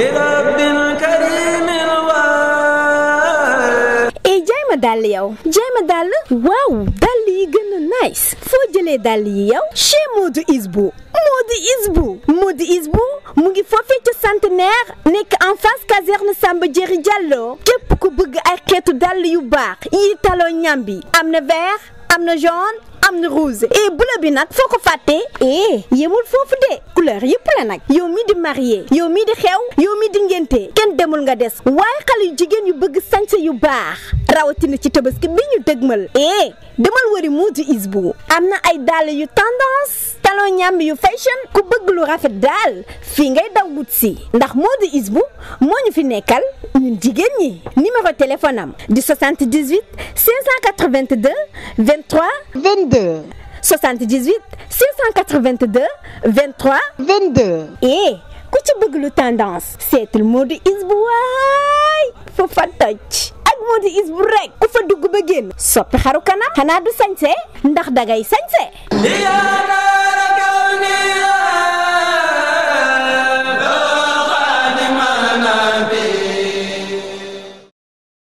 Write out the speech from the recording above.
Eh, ma dàll yow jaay ma dàll waaw dàll yi gën a nice foo jëlee dàll yi yow chez Modou Isbu Modou Isbu mu ngi foofee ca centenaire nekk en face caserne Samba Diéry Diallo képp ku bëgg ay xeetu dàll yu baax yi taloo ñambi am na vert am na jaune am na rose et bleu bi nag foo ko fàttee eh yemul foofu de couleur yëpp la nag yow mi di marie yow mi di xew yow mi di ngénte kenn demul nga des waaye xale yu jigéen yu bëgg sañse yu baax rawatina ci tabaski bi ñu dëgmal eh demal wari Mody Isbu am na ay dàll yu tendance talon ñambi yu fashion ku bëgg lu rafet daal fii ngay daw wut si ndax Mody Isbu moo ñu fi nekkal. ñun jigéen ñi numéro téléphone am di 78 582 23 22 78 582 23 22 eh ku ci bëgg lu tendance seetul Modou Isbu waay fa fa toj ak Modou Isbu rek ku fa dugg ba génn soppi xaru kanam xanaa du sañse ndax dangay sañse